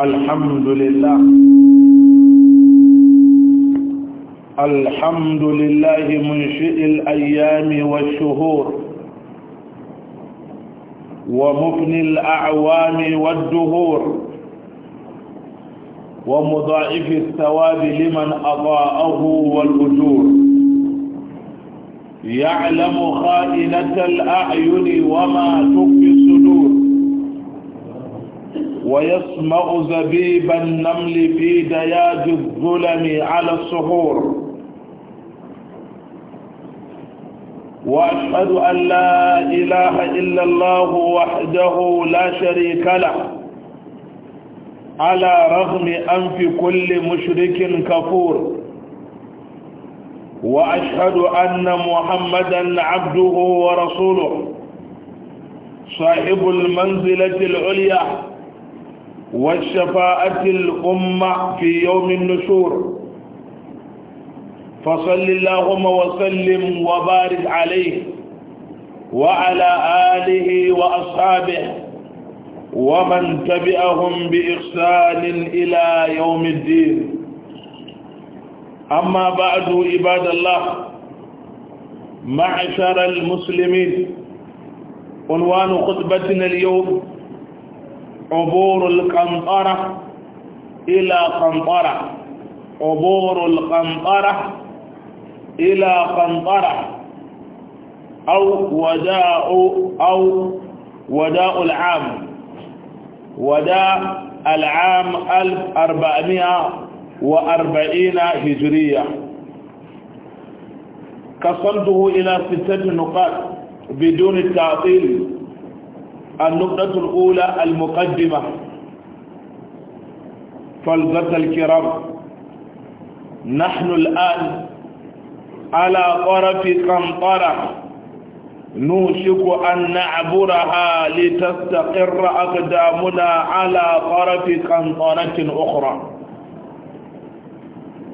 الحمد لله الحمد لله منشئ الأيام والشهور ومفني الأعوام والدهور ومضاعف الثواب لمن أضاءه والأجور يعلم خائنة الأعين وما تكفي ويسمع زبيب النمل في دياج الظلم على الصخور وأشهد أن لا إله إلا الله وحده لا شريك له على رغم أنف كل مشرك كفور وأشهد أن محمدا عبده ورسوله صاحب المنزلة العليا والشفاعة الأمة في يوم النشور فصل اللهم وسلم وبارك عليه وعلى آله وأصحابه ومن تبعهم بإحسان إلى يوم الدين أما بعد عباد الله معشر المسلمين عنوان خطبتنا اليوم عبور القنطرة إلى قنطرة عبور القنطرة إلى قنطرة أو وداء أو وداء العام وداء العام 1440 هجرية كسرته إلى ستة نقاط بدون التعطيل النقطة الأولى المقدمة فالغة الكرام نحن الآن على طرف قنطرة نوشك أن نعبرها لتستقر أقدامنا على طرف قنطرة أخرى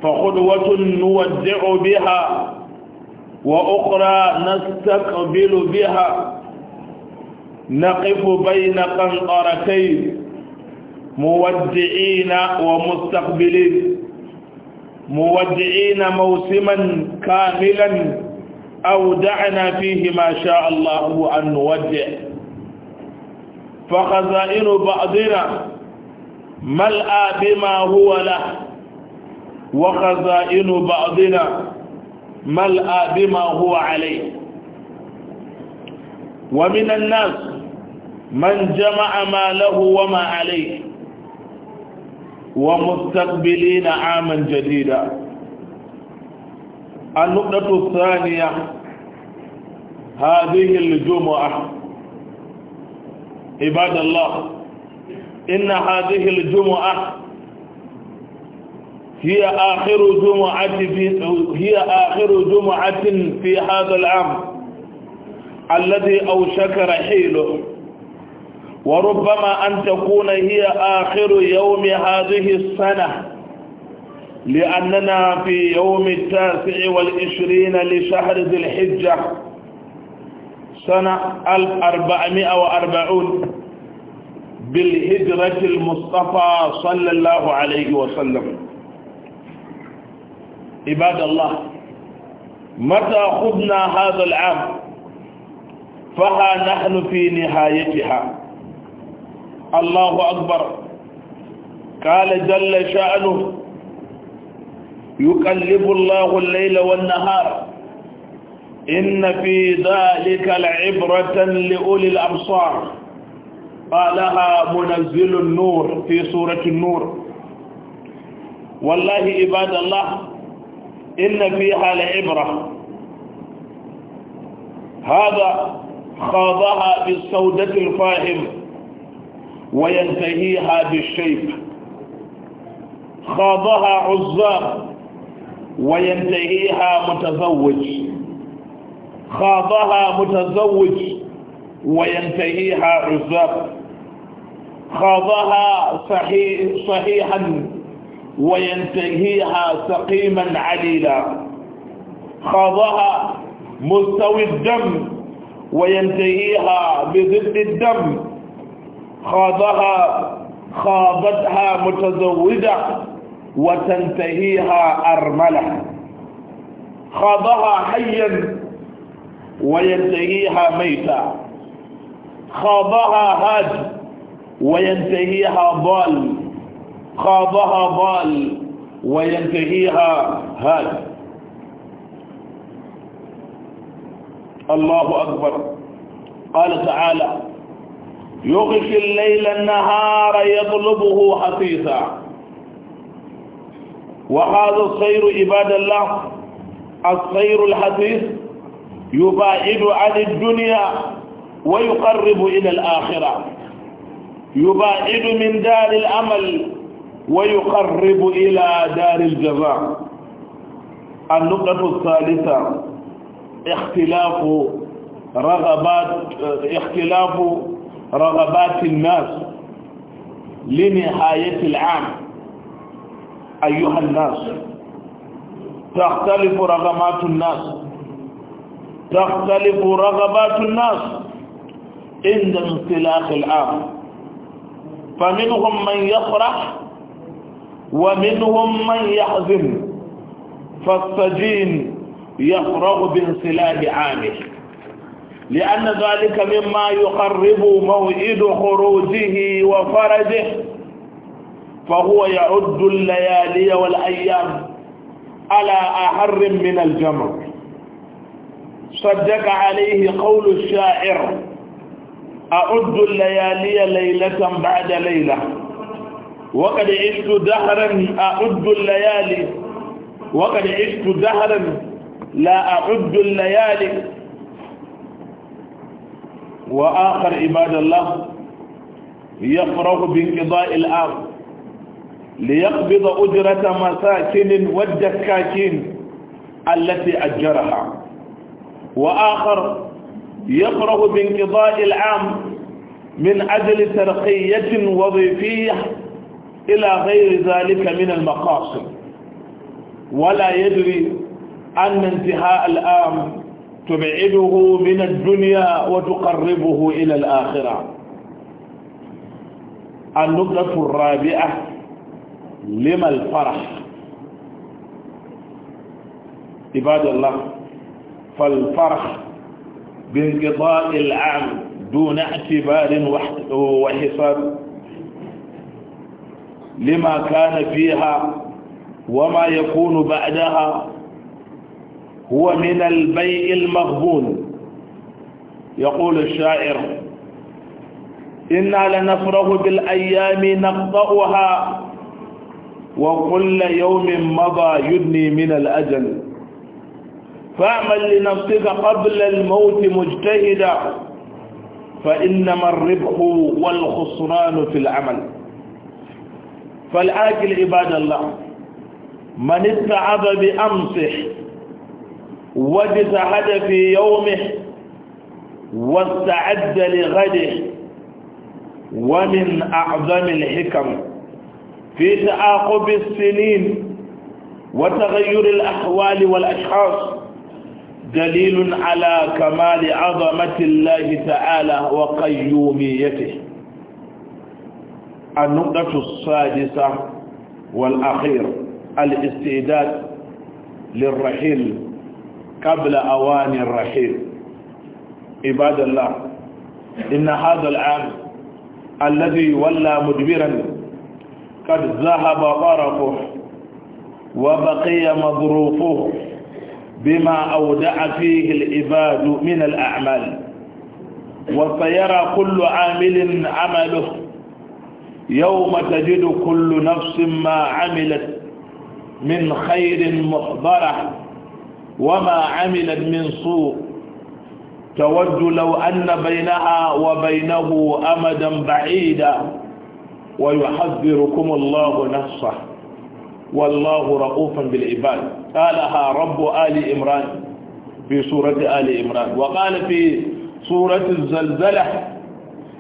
فخدوة نودع بها وأخرى نستقبل بها نقف بين قنطرتين مودعين ومستقبلين مودعين موسما كاملا أودعنا فيه ما شاء الله أن نودع فخزائن بعضنا ملأى بما هو له وخزائن بعضنا ملأى بما هو عليه ومن الناس من جمع ما له وما عليه ومستقبلين عاما جديدا النقطة الثانية هذه الجمعة عباد الله إن هذه الجمعة هي آخر جمعة في هي آخر جمعة في هذا العام الذي أوشك رحيله وربما أن تكون هي آخر يوم هذه السنة لأننا في يوم التاسع والعشرين لشهر ذي الحجة سنة 1440 بالهجرة المصطفى صلى الله عليه وسلم عباد الله متى خذنا هذا العام فها نحن في نهايتها الله أكبر قال جل شأنه يقلب الله الليل والنهار إن في ذلك لعبرة لأولي الأبصار قالها منزل النور في سورة النور والله عباد الله إن فيها لعبرة هذا خاضها بالسودة الفاهم وينتهيها بالشيب خاضها عزاق وينتهيها متزوج خاضها متزوج وينتهيها عزاق خاضها صحيحا وينتهيها سقيما عليلا خاضها مستوي الدم وينتهيها بضد الدم خاضها خاضتها متزوجة وتنتهيها أرملة خاضها حيا وينتهيها ميتا خاضها هاد وينتهيها ضال خاضها ضال وينتهيها هاد الله أكبر قال تعالى يغشي الليل النهار يطلبه حثيثا وهذا الخير عباد الله الخير الحثيث يباعد عن الدنيا ويقرب إلى الآخرة يباعد من دار الأمل ويقرب إلى دار الجزاء النقطة الثالثة اختلاف رغبات اختلاف رغبات الناس لنهاية العام أيها الناس تختلف رغبات الناس تختلف رغبات الناس عند انطلاق العام فمنهم من يفرح ومنهم من يحزن فالسجين يفرغ بانسلاب عامه لأن ذلك مما يقرب موئد خروجه وفرجه فهو يعد الليالي والأيام على أحر من الجمر صدق عليه قول الشاعر أعد الليالي ليلة بعد ليلة وقد عشت دهرا أعد الليالي وقد عشت دهرا لا أعد الليالي وآخر عباد الله يفرغ بانقضاء العام ليقبض أجرة مساكن والدكاكين التي أجرها وآخر يفرغ بانقضاء العام من أجل ترقية وظيفية إلى غير ذلك من المقاصد ولا يدري أن انتهاء العام تبعده من الدنيا وتقربه إلى الآخرة النقطة الرابعة لما الفرح عباد الله فالفرح بانقضاء العام دون اعتبار وحساب لما كان فيها وما يكون بعدها هو من البيء المغبون يقول الشاعر إنا لنفرح بالأيام نقطعها وكل يوم مضى يدني من الأجل فاعمل لنفسك قبل الموت مجتهدا فإنما الربح والخسران في العمل فالآكل عباد الله من اتعب بأمسح واجتهد في يومه واستعد لغده ومن أعظم الحكم في تعاقب السنين وتغير الأحوال والأشخاص دليل على كمال عظمة الله تعالى وقيوميته النقطة السادسة والأخير الاستعداد للرحيل قبل أوان الرحيل عباد الله إن هذا العام الذي ولى مدبرا قد ذهب طرفه وبقي مظروفه بما أودع فيه العباد من الأعمال وسيرى كل عامل عمله يوم تجد كل نفس ما عملت من خير محضره وما عملت من سوء تود لو أن بينها وبينه أمدا بعيدا ويحذركم الله نفسه والله رؤوف بالعباد قالها رب آل إمران في سورة آل إمران وقال في سورة الزلزلة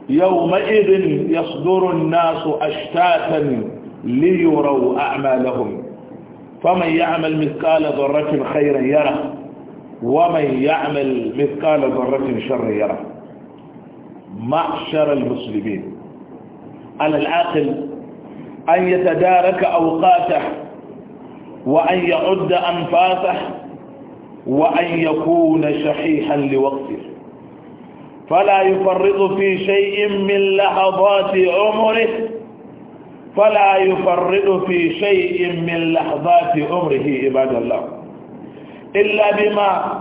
يومئذ يصدر الناس أشتاتا ليروا أعمالهم فمن يعمل مثقال ذرة خيرا يره ومن يعمل مثقال ذرة شرا يره معشر المسلمين على العاقل أن يتدارك أوقاته وأن يعد أنفاسه وأن يكون شحيحا لوقته فلا يفرط في شيء من لحظات عمره فلا يفرط في شيء من لحظات عمره عباد الله إلا بما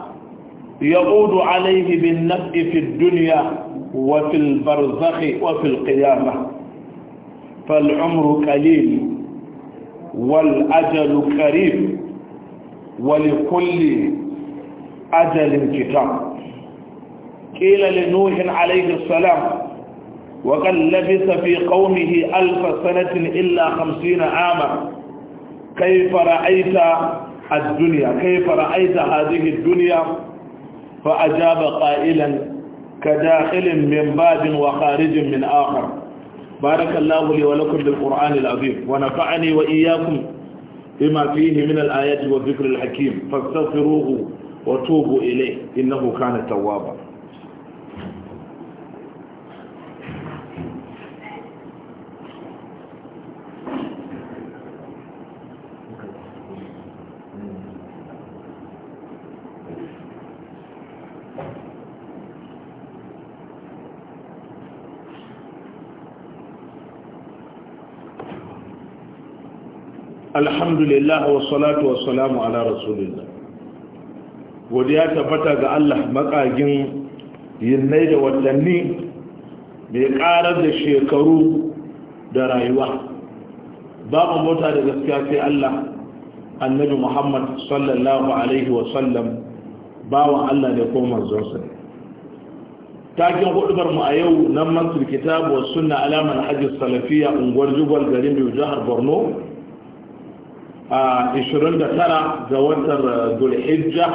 يقود عليه بالنفع في الدنيا وفي البرزخ وفي القيامة فالعمر قليل والأجل قريب ولكل أجل كتاب قيل لنوح عليه السلام وقد لبث في قومه ألف سنة إلا خمسين عاما كيف رأيت الدنيا كيف رأيت هذه الدنيا فأجاب قائلا كداخل من باب وخارج من آخر بارك الله لي ولكم بالقرآن العظيم ونفعني وإياكم بما فيه من الآيات والذكر الحكيم فاستغفروه وتوبوا إليه إنه كان توابا alhamdulillah wa salatu wa salamu ala rasulillah ya tabbata ga Allah makagin yinnai da watanni mai karar da shekaru da rayuwa ba mu mota da gaskiya sai Allah annabi Muhammad sallallahu alaihi wa sallam bawan Allah ne ko manzonsa takin hudubar mu a yau nan masjid kitabu wa sunna alaman hajji salafiya unguwar jugwal garin biyu jihar Borno 29 ga watan zulhijja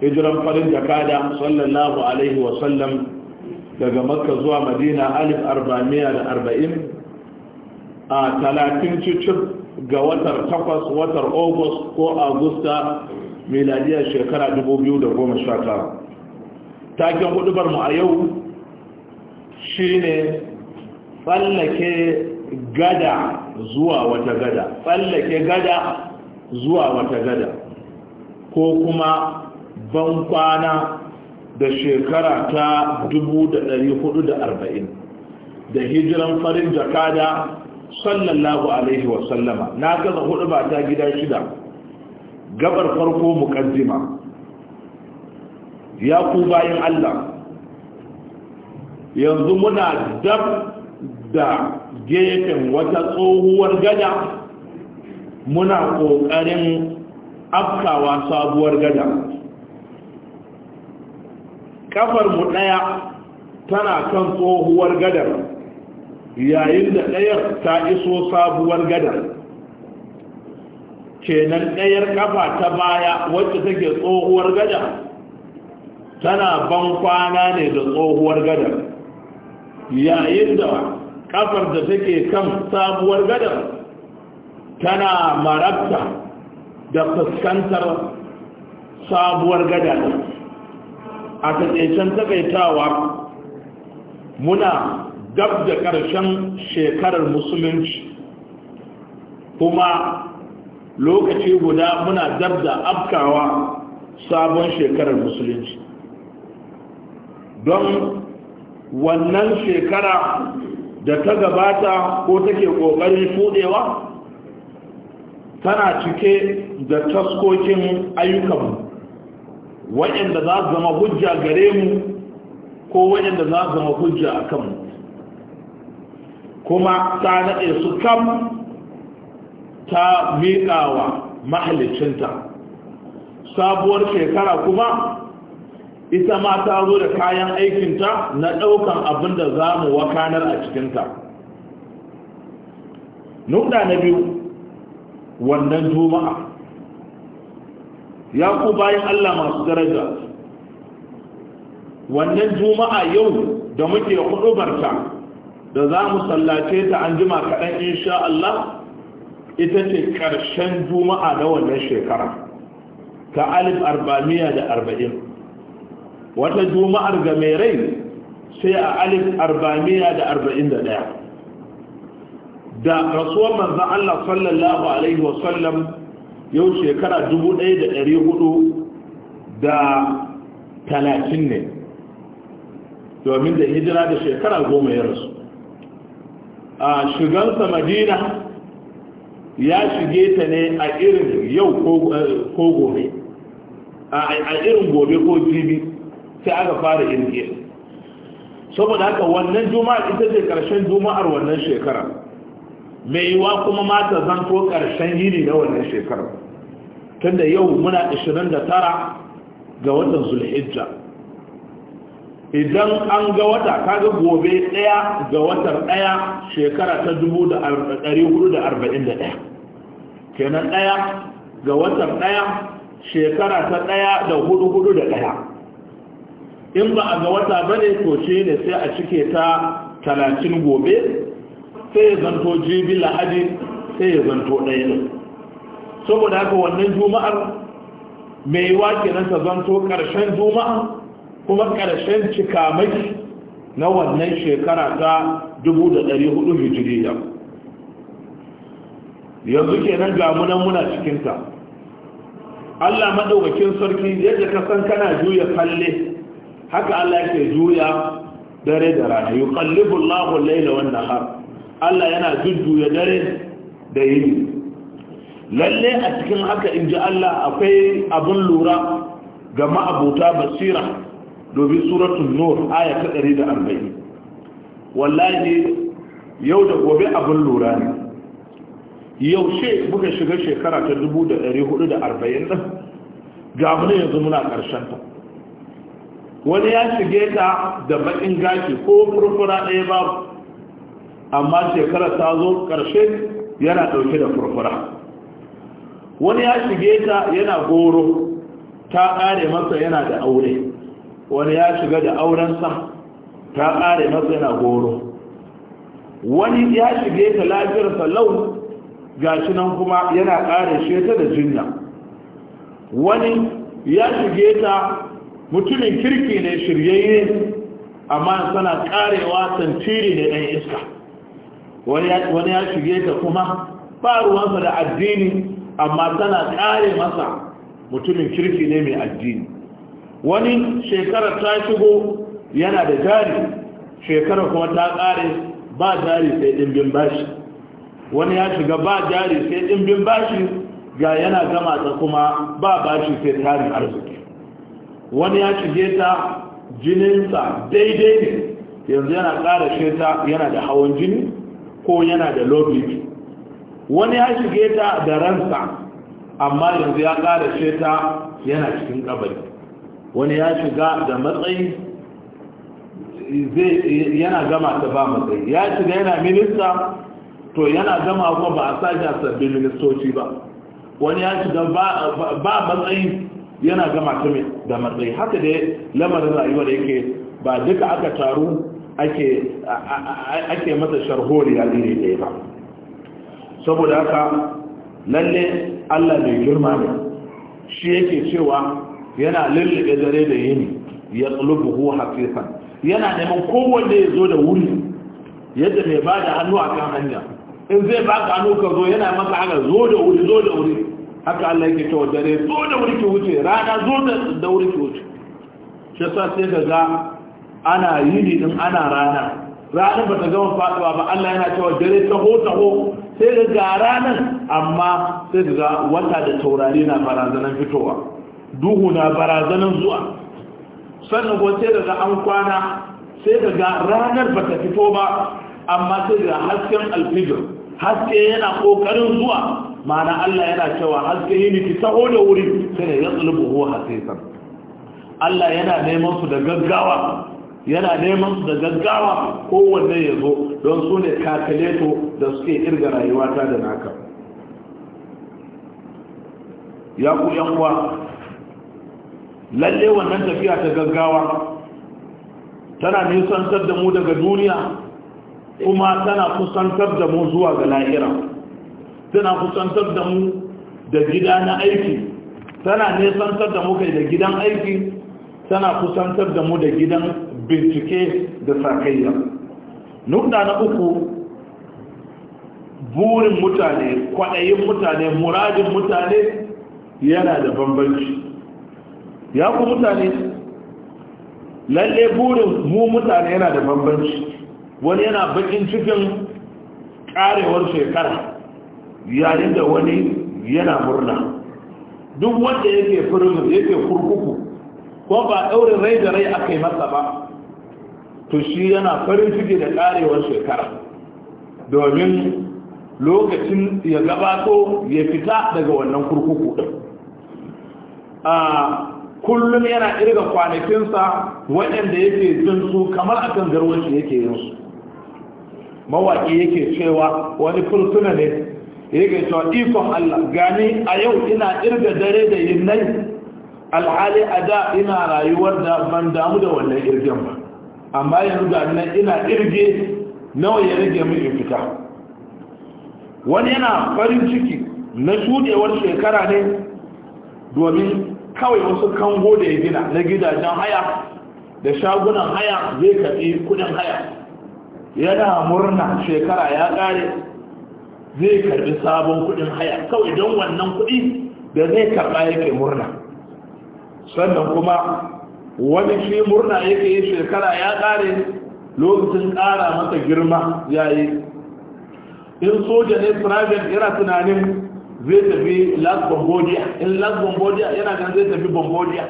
hijiran farin jakada sallallahu alaihi wasallam daga makka zuwa madina alif arba'amiya da arba'in a talatin ga watar takwas watar august ko agusta miladiya shekara 2019 taken hudubar mu a yau shine tsallake gada zuwa wata gada tsallake gada zuwa wata gada ko kuma bankwana da shekara ta 1440 da hijiran farin jakada sallallahu alaihi wasallama na gaza hudu ba ta gida shida gabar farko mukaddima ya ku bayan Allah yanzu muna dab da gefen wata tsohuwar gada muna ƙoƙarin afkawa sabuwar gada mu ɗaya tana kan tsohuwar gadar yayin da ɗayar ta iso sabuwar gadar kenan ɗayar ƙafa ta baya wacce take tsohuwar gada tana ban kwana ne da tsohuwar gadar yayin da kafar da take kan sabuwar gadar tana marabta da fuskantar sabuwar gadar a taƙaicen taƙaitawa muna gab da ƙarshen shekarar musulunci kuma lokaci guda muna dab da afkawa sabon shekarar musulunci don wannan shekara da ta gabata ko take ƙoƙarin shuɗewa tana cike da taskokin ayyukanmu waɗanda za su zama hujja gare mu ko waɗanda za su zama hujja a kanmu kuma ta naɗe su kam ta miƙawa mahalicinta sabuwar shekara kuma ita ma ta zo da kayan aikinta na ɗaukan abin da za mu wakanar a cikinta nuna na biyu wannan juma'a ya ku bayan allah masu daraja wannan juma'a yau da muke hudubarta da za mu sallace ta an jima kaɗan insha Allah ita ce ƙarshen juma'a na wannan shekara ta alif arba'amiya da arba'in wata juma'ar ga mai rai sai a alif arba'amiya da arba'in da ɗaya da rasuwar manzan Allah sallallahu alaihi wasallam yau shekara dubu ɗaya da ɗari hudu da talatin ne domin da hijira da shekara goma ya rasu a shigansa madina ya shige ta ne a irin yau ko eh, gobe a irin gobe ko jibi sai aka fara irge saboda haka wannan juma'a ita ce karshen juma'ar wannan shekara mai yiwa kuma mata zanto karshen yini na wannan shekara tunda yau muna 29 ga watan zulhijja idan an ga wata ga gobe daya ga watan daya shekara ta 1441 kenan daya ga watan daya shekara ta daya da hudu hudu da daya in ba a ga wata ba ne to shi ne sai a cike ta talatin gobe sai ya zanto jibi lahadi sai ya zanto ɗaya ne saboda haka wannan juma'ar mai yi kenan ta zanto ƙarshen juma'a kuma ƙarshen cikamai na wannan shekara ta 1400 hijiriya yanzu kenan gamunan muna cikinta Allah maɗaukakin sarki yadda ka san kana juya kalle haka Allah yake juya dare da rana yuqallibu Allahu al-layla wan nahar Allah yana jujjuya dare da yini lalle a cikin haka inji Allah akwai abun lura ga ma'abuta basira domin suratul nur aya ta 140 wallahi yau da gobe abun lura ne yaushe muka shiga shekara ta 1440 din ga mu yanzu muna karshen ta wani ya shige ta da bakin gashi ko furfura ɗaya babu amma shekara ta zo ƙarshe yana ɗauke da furfura wani ya shige ta yana goro ta ƙare masa yana da aure wani ya shiga da aurensa ta ƙare masa yana goro wani ya shige ta lafiyarsa lau gashi nan kuma yana ƙare sheta da jinya wani ya shige ta mutumin kirki ne shiryayye amma suna karewa tantiri ne ɗan iska wani ya shirye ta kuma ba ruwansa da addini amma suna kare masa mutumin kirki ne mai addini wani shekarar ta shigo yana da jari shekarar kuma ta kare ba jari sai ɗimbin bashi wani ya shiga ba jari sai ɗimbin bashi ga yana gama ta kuma ba bashi sai tarin arziki wani ya shige ta jininsa daidai ne yanzu yana ƙara sheta yana da hawan jini ko yana da lobby wani ya shige ta da ransa amma yanzu ya ƙara sheta yana cikin kabari wani ya shiga da matsayi yana gama ta ba matsayi ya shiga yana minista to yana gama kuma ba a sa sabbin ministoci ba wani ya shiga ba matsayi yana gama ta da matsayi haka dai lamarin rayuwar yake ba duka aka taru ake masa sharholi a iri ɗaya ba saboda haka lalle allah mai girma ne shi yake cewa yana lullube dare da yini ya tsulubuhu hafifan yana neman kowanne ya zo da wuri yadda mai ba da hannu a kan hanya in zai ba ka hannu ka zo yana maka haka zo da wuri zo da wuri haka Allah yake cewa dare zo da wuri ki wuce rana zo da wuri ki wuce shi yasa sai ka ga ana yini din ana rana ranar ba ta gama faduwa ba Allah yana cewa dare taho taho sai ka ga ranar amma sai ga wata da taurari na barazanan fitowa duhu na barazanan zuwa sannan ko sai ga an kwana sai ga ranar ba ta fito ba amma sai ga hasken alfijir haske yana kokarin zuwa ma'ana Allah yana cewa haske yi niki taho da wuri sai da ya tsulubu huwa hasisan Allah yana neman su da gaggawa yana neman su da gaggawa kowanne ya zo don su ne kakaleto da suke irga rayuwata da naka ya ku yan lalle wannan tafiya ta gaggawa tana nisantar da mu daga duniya kuma tana kusantar da mu zuwa ga lahira tana kusantar da mu da gida na aiki tana nesantar da mu kai da gidan aiki tana kusantar da mu da gidan bincike da sakayya nuna na uku burin mutane kwaɗayin mutane muradin mutane yana da bambanci ya ku mutane lalle burin mu mutane yana da bambanci wani yana bakin cikin karewar shekara yayin da wani yana murna duk wanda yake furin yake kurkuku ko ba ɗaurin rai da rai aka masa ba to shi yana farin ciki da ƙarewar shekara domin lokacin ya gabato ya fita daga wannan kurkuku ɗin a kullum yana irga kwanakinsa waɗanda yake jin su kamar akan garwanci yake yin su mawaƙi yake cewa wani fursuna ne yake cewa ikon Allah gani a yau ina irga dare da yinnai alhali a da ina rayuwar da ban damu da wannan irgen ba amma yanzu ga nan ina irge nawa ya rage min fita wani yana farin ciki na shudewar shekara ne domin kawai wasu kango da ya gina na gidajen haya da shagunan haya zai kaɗi kudin haya yana murna shekara ya ƙare zai karbi sabon kudin haya kawai don wannan kudi da zai karba yake murna sannan kuma wani shi murna yake yi shekara ya kare lokacin kara masa girma ya yi. in soja ne private yana tunanin zai tafi las in las bombodia yana gan zai tafi bambodiya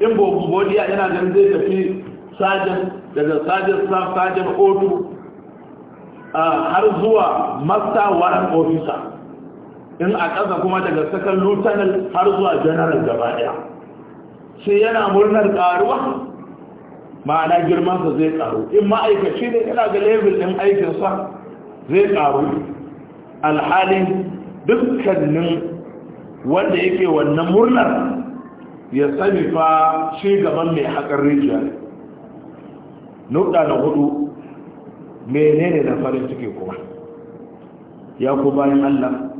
in bambodiya yana gan zai tafi sajan daga sajen staff sajan otu har zuwa master warrant officer in a ƙasa kuma daga second lieutenant har zuwa general gaba ɗaya sai yana murnar ƙaruwa ma'ana girmansa zai ƙaru in ma'aikaci ne yana ga level ɗin aikinsa zai ƙaru alhalin dukkanin wanda yake wannan murnar ya sani fa shi gaban mai haƙar rijiya ne na hudu menene na farin ciki kuma ya ku bayan Allah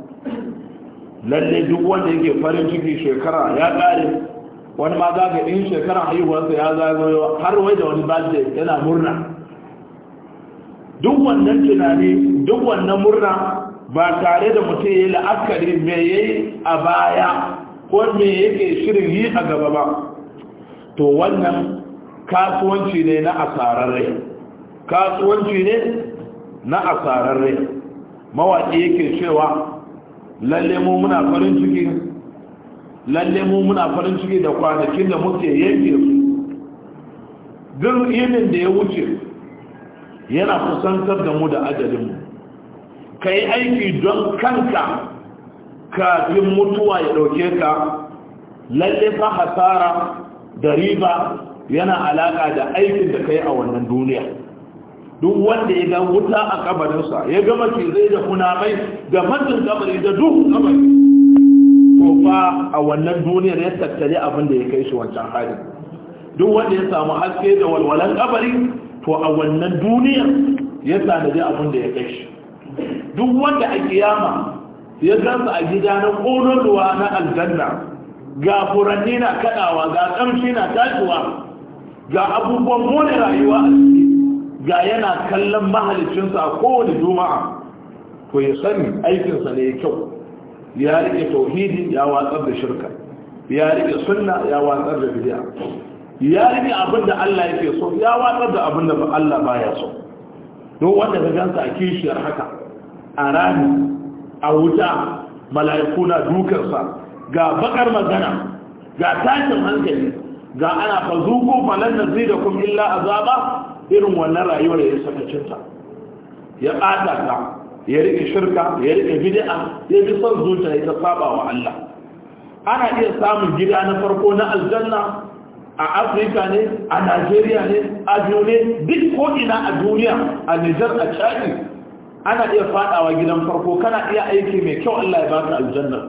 lalle duk wanda yake farin ciki shekara ya kare wani ma za ka in shekara haihuwarsa ya zagayo har wai da wani birthday yana murna duk wannan tunani duk wannan murna ba tare da mutum ya yi la'akari me yayi a baya ko me yake shirin yi a gaba ba to wannan kasuwanci ne na asararai kasuwanci ne na asararre mawaƙi yake cewa lalle mu muna farin ciki lalle mu muna farin ciki da kwanakin da muke yanke su duk yinin da ya wuce yana kusantar da mu da ajalinmu ka yi aiki don kanka kafin mutuwa ya ɗauke ka lalle fa hasara da riba yana alaƙa da aikin da ka yi a wannan duniya duk wanda ya ga wuta a kabarinsa ya ga zai da kunamai da mantin kabari da duk kabari ko fa a wannan duniyar ya tattare abin da ya kai shi wancan hali duk wanda ya samu haske da walwalan kabari to a wannan duniyar ya tanadi abin da ya kai shi duk wanda a kiyama ya gansa a gida na ƙonon ruwa na aljanna ga furanni na kaɗawa ga ƙamshi na tashiwa ga abubuwan more rayuwa a ciki ga yana kallon mahalicinsa a kowane juma'a to ya sani aikinsa ne ya kyau ya rike tauhidi ya watsar da shirka ya rike sunna ya watsar da bid'a ya rike abin da Allah yake so ya watsar da abin da Allah baya so don wanda ka gansa a kishiyar haka a rami a wuta mala'iku na dukarsa ga bakar magana ga tashin hankali ga ana fazuku falan da zai da kuma illa azaba irin wannan rayuwar ya yi sakacinta ya ɓata ta ya riƙe shirka ya riƙe bid'a ya fi son zuciya ya saba wa Allah ana iya samun gida na farko na aljanna a afirka ne a najeriya ne a ne duk ko'ina a duniya a nijar a chadi ana iya fadawa gidan farko kana iya aiki mai kyau allah ya baka aljanna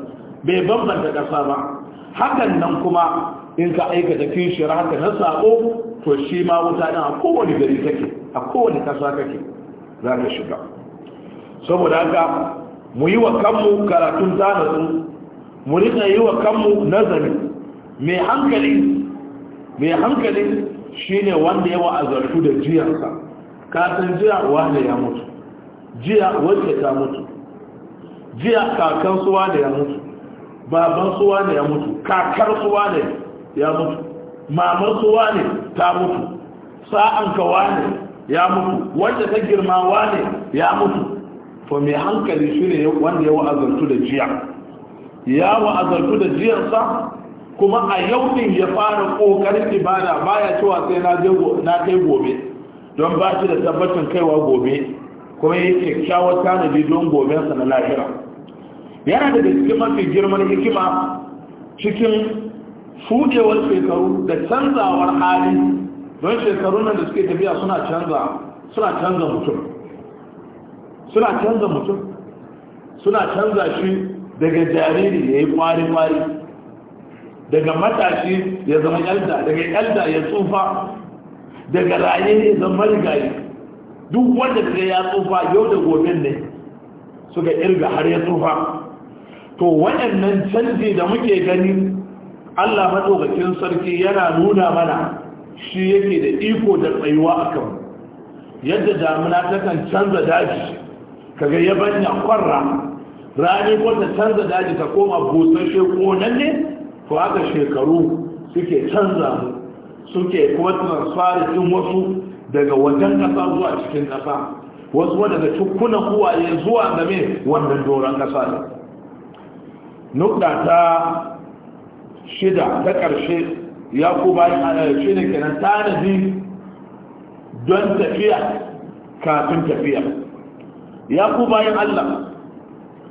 bai bambanta ƙasa ba hakan nan kuma in ka aikata kishiyar haka na sako to shi ma wuta ɗin a kowane gari take a kowane kasa kake za ka shiga saboda haka mu yi wa kanmu karatun tanatsu mu rika yi wa kanmu nazari mai hankali mai hankali shine wanda yawa zartu da jiyarsa kasan jiya wanda ya mutu jiya wacce ta mutu jiya kakansu suwa da ya mutu Babansu suwa da ya mutu kakar suwa da ya ya mutu mamar su wane ta mutu sa'an ka wane ya mutu wanda ta girma wane ya mutu to mai hankali shi ne wanda ya wa'azartu da jiya ya wa'azartu da jiyarsa kuma a yau din ya fara kokarin ibada baya cewa sai na kai gobe don ba shi da tabbacin kaiwa gobe kuma ya kyakkyawar tanadi don gobensa na lahira yana da cikin mafi girman hikima cikin shudewar shekaru da canzawar hali don shekaru nan da suke tafiya suna canza suna canza mutum suna canza mutum suna canza shi daga jariri ya yi kwari-kwari daga matashi ya zama yalda daga yalda ya tsufa daga raye ya zama rigaye duk wanda daga ya tsufa yau da gobe ne suka irga har ya tsufa to waɗannan canji da muke gani Allah madaukakin sarki yana nuna mana shi yake da iko da tsayuwa a kan yadda damuna ta kan canza daji kaga yabanya kwarra rani ko canza daji ta koma busasshe ko nan ne to haka shekaru suke canza mu suke kuma fara din wasu daga wajen kasa zuwa cikin ƙasa, wasu daga kuwa uwaye zuwa game wannan doron kasa ne nukta shida ta ƙarshe ya ku bayan eh, shi ne kenan tanadi don tafiya kafin tafiya ya ku bayan allah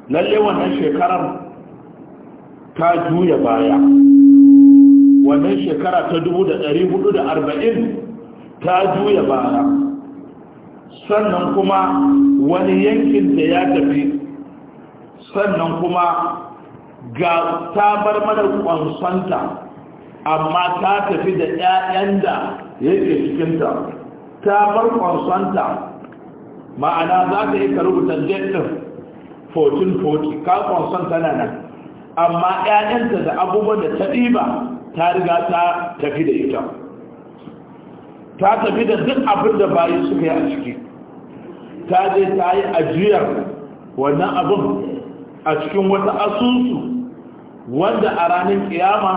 lalle wannan shekarar ta juya baya wannan shekara ta arba'in ta juya baya sannan kuma wani yankin da ya tafi sannan kuma ga ta bar mana kwansanta amma ta tafi da 'ya'yan da yake cikinta ta bar kwansanta ma'ana za ta yi ka rubuta jettin 1440 ka kwansanta na nan amma 'ya'yanta da abubuwan da ta ɗiba ta riga ta tafi da ita ta tafi da duk abin da bayi suka yi a ciki ta je ta yi ajiyar wannan abin a cikin wata asusu wanda a ranar kiyama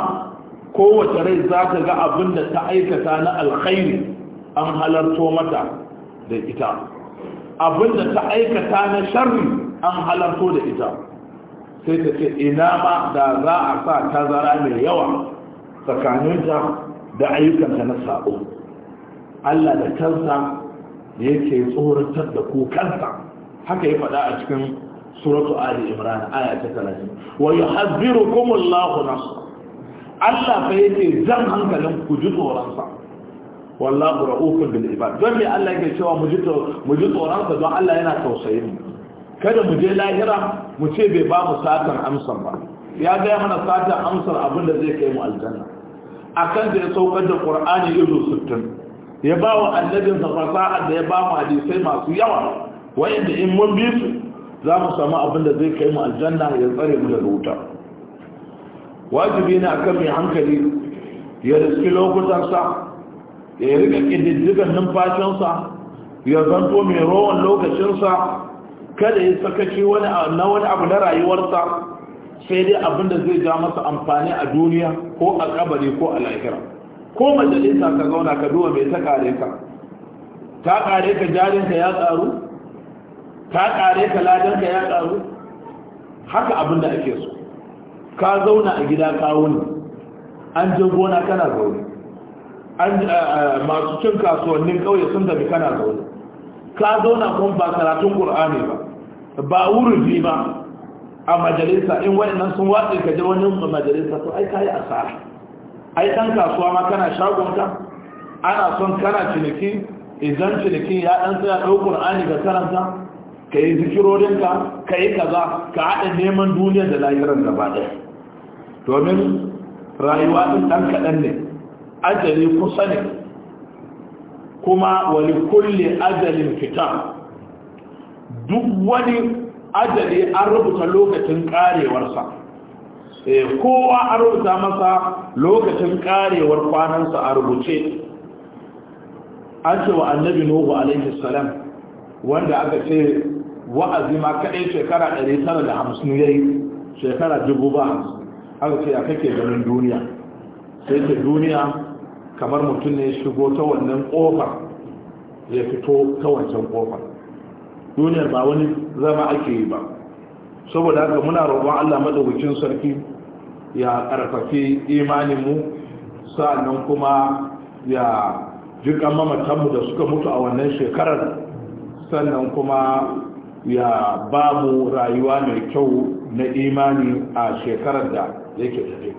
kowace rai za ta ga abin da ta aikata na alkhairi an halarto mata da ita abin da ta aikata na sharri an halarto da ita sai ta ce ina ma da za a sa tazara mai yawa tsakaninta da ayyukanta na sabo Allah da kansa yake tsoratar da ku kansa haka ya faɗa a cikin suratu ali imran aya ta 30 wa yuhadhirukum Allahu nafsa Allah fa yake zan hankalin ku ji tsoron sa wallahu ra'ufun bil ibad don me Allah yake cewa mu ji mu ji tsoron sa don Allah yana tausayin mu kada mu je lahira mu ce bai ba mu satan amsar ba ya ga mana satan amsar abin da zai kai mu aljanna akan da ya saukar da Qur'ani izu 60 ya ba wa annabin sa fasaha da ya ba mu hadisai masu yawa wayanda in mun bi su za mu samu abin da zai kai mu aljanna ya tsare mu daga wuta wajibi ne akan mai hankali ya riski lokutansa ya rika ƙididdigan numfashinsa ya zanto mai rowan lokacinsa kada ya sakaci na wani abu na rayuwarsa sai dai abin da zai ja masa amfani a duniya ko a kabari ko a lahira ko majalisa ka zauna ka duba mai ta kare ka ta kare ka jarinka ya karu ta kare ka ladan ka ya karu haka abin da ake so ka zauna a gida ka wuni an je gona kana zaune eh, eh, masu cin kasuwannin kauye sun tafi kana zaune ka zauna kun ba karatun ƙur'ani ba ba wurin ba a majalisa in waɗannan sun watsa ka je wani majalisa to ai kayi asara ai dan kasuwa ma kana shagonka ana son kana ciniki idan cinikin ya dan tsaya ɗau ani ga karanta ka yi zikirorinka ka yi kaza ka haɗa neman duniya da lahiran gaba ɗaya domin rayuwa ɗin ɗan kaɗan ne ajali kusa ne kuma wani kulle ajalin fita duk wani ajali an rubuta lokacin ƙarewarsa eh, kowa an rubuta masa lokacin ƙarewar kwanansa a rubuce an ce wa annabi nuhu alaihi salam wanda aka ce wa'azi ma kaɗai shekara ɗari tara da hamsin ya yi shekara dubu ba haka ce a kake ganin duniya sai ce duniya kamar mutum ne shigo ta wannan ƙofar ya fito ta wancan ƙofar duniyar ba wani zama ake yi ba saboda haka muna roƙon allah madaukakin sarki ya ƙarfafi imaninmu sa'annan kuma ya jikan mamatanmu da suka mutu a wannan shekarar sannan kuma ya ba rayuwa mai kyau na imani a shekarar da yake tafi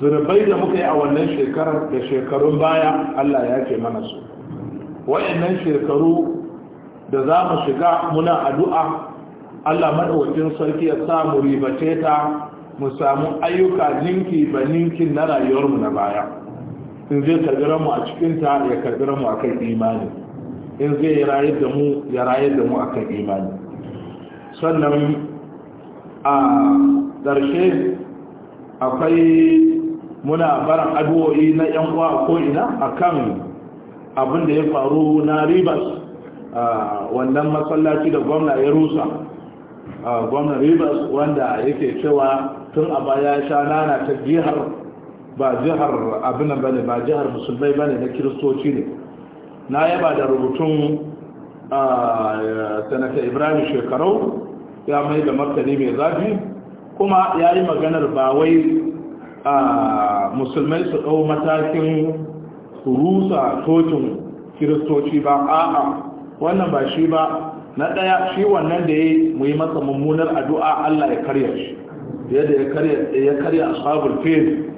zunubai da muka yi a wannan shekarar da shekarun baya allah ya ce mana su wa'annan shekaru da za mu shiga muna addu'a allah maɗaukin sarki ya sa mu ribace ta mu samu ayyuka ninki ba ninkin na rayuwarmu na baya in zai karbi mu a cikinta ya karbi mu a kan imani in zai raye da mu ya rayar da mu akan imani sannan a ƙarshe akwai muna baran addu'o'i na yan uwa ko ina akan abin da ya faru na ribas wannan masallaci da gwamna ya rusa gwamna ribas wanda yake cewa tun a baya sha nana ta jihar ba jihar abin ba ne ba jihar musulmai ba ne na kiristoci ne na yaba da rubutun sanata ibrahim shekarau ya mai da martani mai zafi kuma ya yi maganar bawai wai musulmai su ɗau matakin rusa tocin kiristoci ba a'a wannan ba shi ba na ɗaya shi wannan da ya yi masa mummunar addu'a allah ya karya shi yadda ya karya ashabul fil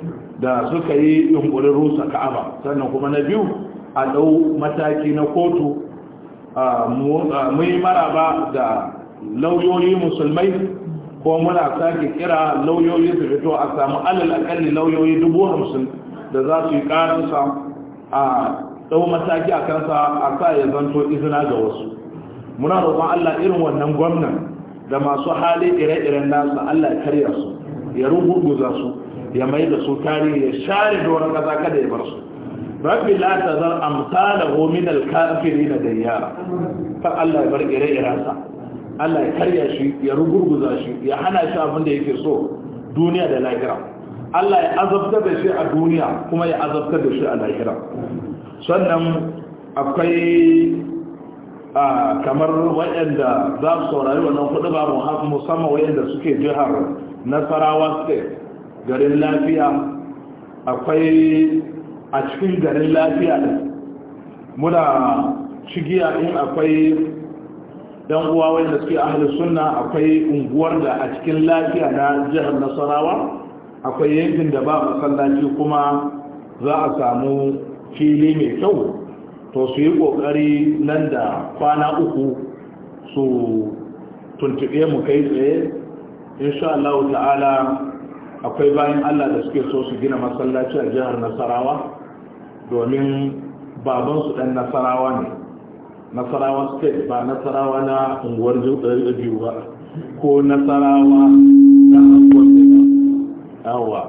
da suka yi yunkurin rusa ka'aba sannan kuma na biyu a dau mataki na kotu mai maraba da lauyoyi musulmai ko muna sake kira lauyoyi su fito a samu alal akalli lauyoyi dubu hamsin da za su yi karansa a dau mataki a kansa a sa ya zanto izina ga wasu muna roƙon allah irin wannan gwamnan da masu hali ire-iren nasu allah ya karya su ya rugurguza su ya mai da su tarihi ya share doron kaza kada ya bar su rabbi la tazar amsalahu min al-kafirin dayyara fa Allah ya bar ire-irensa Allah ya karya shi ya rugurguza shi ya hana shi abin da yake so duniya da lahira Allah ya azabta da shi a duniya kuma ya azabta da shi a lahira sannan akwai kamar waɗanda za su saurari wannan kuɗi ba musamman waɗanda suke jihar nasarawa state garin lafiya akwai a cikin garin lafiya da muna cigiya in akwai dan uwa wanda suke ahli sunna akwai unguwar da a cikin lafiya na jihar nasarawa akwai yankin da ba masallaci kuma za a samu fili mai kyau to su yi kokari nan da kwana uku su tuntuɓe mu kai tsaye insha Allah ta'ala akwai bayan Allah da suke so su gina masallaci a jihar nasarawa domin babansu ɗan nasarawa ne nasarawa state ba nasarawa na unguwar biyu ba ko nasarawa na yawa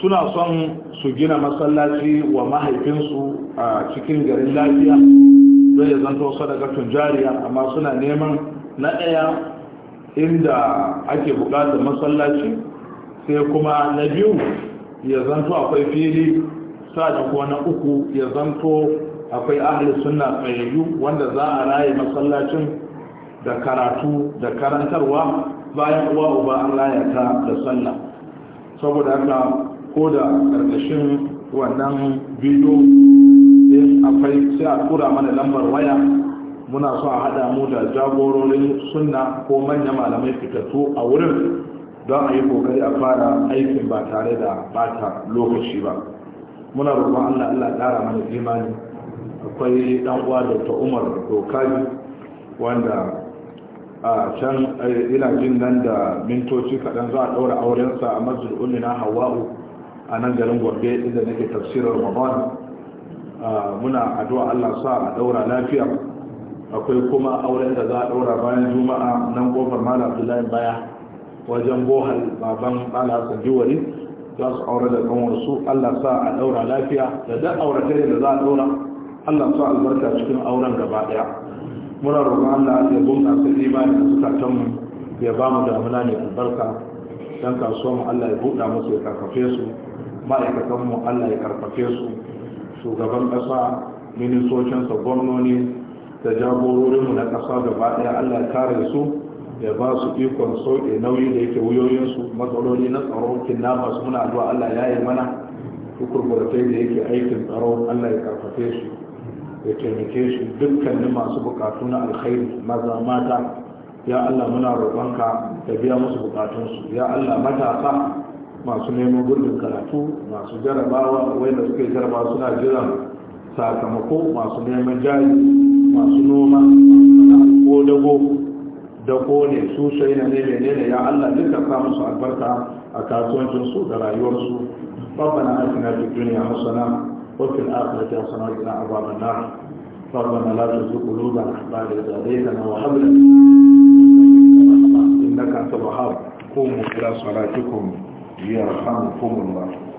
suna son su gina masallaci wa mahaifinsu a cikin garin lafiya ya zanto sadakatun jariya amma suna neman na ɗaya inda ake bukatar masallaci sai kuma na biyu ya zanto akwai fili da ko na uku ya zanto akwai ahli sunna tsayayyu wanda za a raye masallacin da karatu da karantarwa bayan uwa uba an raya da sallah saboda haka ko da karkashin wannan bidiyo in akwai sai a tura mana lambar waya muna so a haɗa mu da jagororin sunna ko manyan malamai fitattu a wurin don a yi kokari a fara aikin ba tare da bata lokaci ba muna roƙon Allah Allah ƙara mana imani akwai ɗan uwa Dr. Umar Dokaji wanda a can ina jin nan da mintoci kaɗan za a ɗaura aurensa a masjid ulina hawa'u a nan garin gombe inda nake tafsirar ramadan muna addu'a Allah sa a ɗaura lafiya akwai kuma auren da za a ɗaura bayan juma'a nan kofar malam abdullahi baya wajen bohal baban ala hassan za su aure da kanwarsu Allah sa a daura lafiya da da auratar da za a daura Allah sa albarka cikin auren gaba ɗaya muna roƙon Allah ya bunƙasa imani da zukatan mu ya ba mu damuna ne albarka dan kasuwar mu Allah ya buɗa musu ya karfafe su ma'aikatan mu Allah ya karfafe su shugaban ƙasa ministocinsa gwamnoni da jagororinmu na ƙasa gaba ɗaya Allah ya kare su ya ba su ikon sauƙe nauyi da yake wuyoyinsu matsaloli na tsaro kinna masu muna zuwa Allah ya yi mana kurkurtai da yake aikin tsaro Allah ya karfafe su ya taimake su dukkanin masu bukatu na alkhairi maza mata ya Allah muna roƙonka ka biya musu bukatunsu ya Allah matasa masu neman gurbin karatu masu jarabawa wanda suke jarabawa suna jiran sakamako masu neman jari masu noma masu dago da kone su shai na ne ne ya Allah duka sa musu albarka a kasuwancin su da rayuwarsu ربنا آتنا في الدنيا حسنة وفي الآخرة حسنة وقنا عذاب النار ربنا لا تزغ قلوبنا بعد إذ هديتنا وهب لنا إنك أنت الوهاب قوموا إلى صلاتكم يرحمكم الله